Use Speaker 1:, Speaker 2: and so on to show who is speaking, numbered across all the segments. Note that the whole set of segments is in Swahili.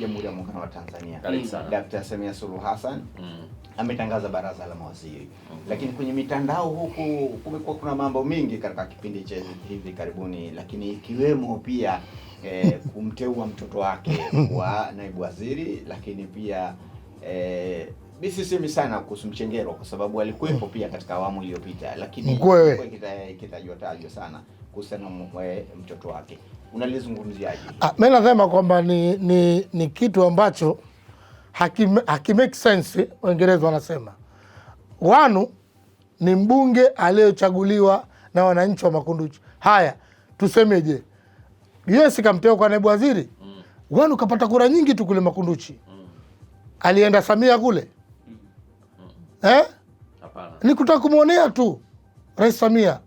Speaker 1: Jamhuri ya Muungano wa Tanzania mm. Dkt. Samia Suluhu Hassan mm. ametangaza baraza la mawaziri mm. Lakini kwenye mitandao huku kumekuwa kuna mambo mengi katika kipindi cha hivi karibuni, lakini ikiwemo pia eh, kumteua mtoto wake wa naibu waziri, lakini pia eh, sisemi sana kuhusu Mchengerwa kwa sababu alikuwepo pia katika awamu iliyopita, lakini kitajwa tajwa sana kuhusiana na eh, mtoto wake unalizungumziaje?
Speaker 2: Ah, mimi nasema kwamba ni, ni, ni kitu ambacho haki, haki sense. Waingereza wanasema Wanu ni mbunge aliyochaguliwa na wananchi wa Makunduchi. Haya, tusemeje? Yes, kamteo kwa naibu waziri mm. Wanu kapata kura nyingi tu kule Makunduchi mm. alienda Samia kule mm. Mm. Eh? ni kutaka kumwonea tu Rais Samia.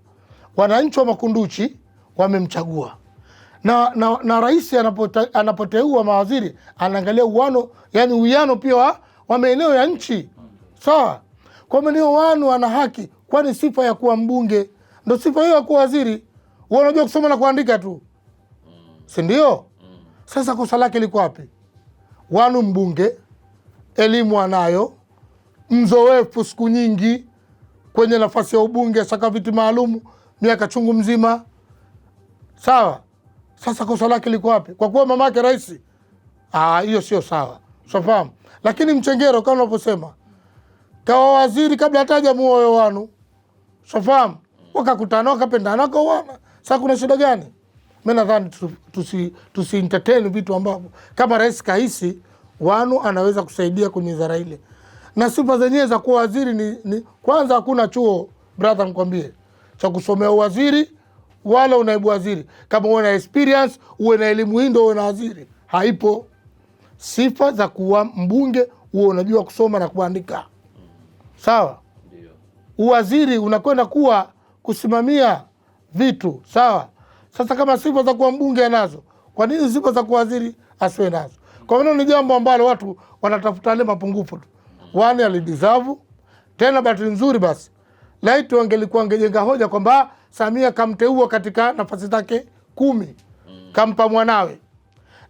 Speaker 2: Wananchi wa Makunduchi wamemchagua na, na, na rais anapote, anapoteua mawaziri anaangalia uwano, yani uwiano pia wa, wa maeneo ya nchi sawa. Kwa maeneo wanu ana haki, kwani sifa ya kuwa mbunge ndo sifa hiyo ya kuwa waziri. Wewe unajua kusoma na kuandika tu, si ndio? Sasa kosa lake liko wapi? Wanu mbunge, elimu anayo, mzoefu siku nyingi kwenye nafasi ya ubunge, saka viti maalumu miaka chungu mzima, sawa sasa kosa lake liko wapi? Kwa kuwa mama yake rais? Ah, hiyo sio sawa, ushafahamu. Lakini mchengero kama unavyosema, kawa waziri kabla hataja muoyo wanu, ushafahamu, wakakutana wakapendana, wakauana. Sasa kuna shida gani? Mi nadhani tusi, tusi entertain vitu ambavyo kama rais kahisi wanu anaweza kusaidia kwenye wizara ile, na sifa zenyewe za kuwa waziri ni, ni kwanza hakuna chuo brother, nikwambie cha kusomea uwaziri wala unaibu waziri. Kama uwe na experience, uwe na elimu hii, ndo uwe na waziri, haipo. Sifa za kuwa mbunge, uwe unajua kusoma na kuandika, sawa. Uwaziri unakwenda kuwa kusimamia vitu, sawa. Sasa kama sifa za kuwa mbunge anazo, kwa nini sifa za kuwa waziri asiwe nazo? Kwa maana ni jambo ambalo watu wanatafuta ile mapungufu tu. Wani alidizavu tena, bahati nzuri basi laiti wangelikuwa angejenga hoja kwamba Samia kamteua katika nafasi zake kumi mm. kampa mwanawe,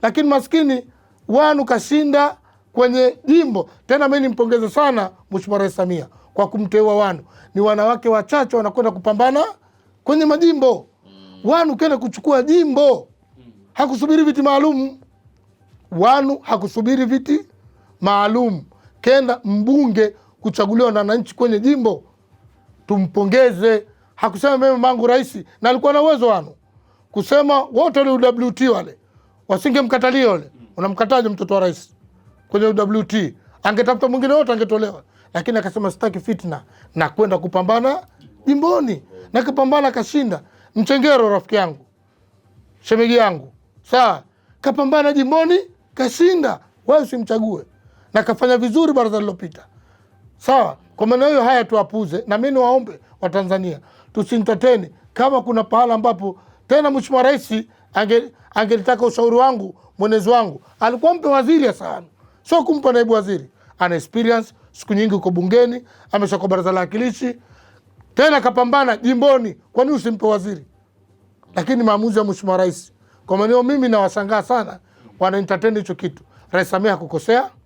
Speaker 2: lakini maskini wanu kashinda kwenye jimbo tena. Mi nimpongeze sana Mheshimiwa Rais Samia kwa kumteua wanu. Ni wanawake wachache wanakwenda kupambana kwenye majimbo, mm. wanu kenda kuchukua jimbo, mm. hakusubiri viti maalum. Wanu hakusubiri viti maalum, kenda mbunge kuchaguliwa na wananchi kwenye jimbo tumpongeze. Hakusema mimi mangu rais, na alikuwa na uwezo wano kusema wote wale UWT wale wasingemkatalia yule. Unamkataje mtoto wa rais kwenye UWT? Angetafuta mwingine wote angetolewa, lakini akasema sitaki fitna na kwenda kupambana jimboni, na kashinda. Mchengero rafiki yangu, shemegi yangu, saa kapambana jimboni kashinda, wewe usimchague na kafanya vizuri baraza lilopita, sawa. Kwa maana hiyo, haya tuapuze, na mimi niwaombe Watanzania tusinteteni. Kama kuna pahala ambapo tena Mheshimiwa Rais angelitaka ange ushauri wangu, mwenezi wangu alikuwa mpe waziri sana, sio kumpa naibu waziri. Ana experience siku nyingi uko bungeni, amesha kwa baraza la wakilishi, tena kapambana jimboni. Kwa nini usimpe waziri? Lakini maamuzi ya Mheshimiwa Rais, kwa maana hiyo mimi nawashangaa sana wana hicho kitu. Rais Samia hakukosea.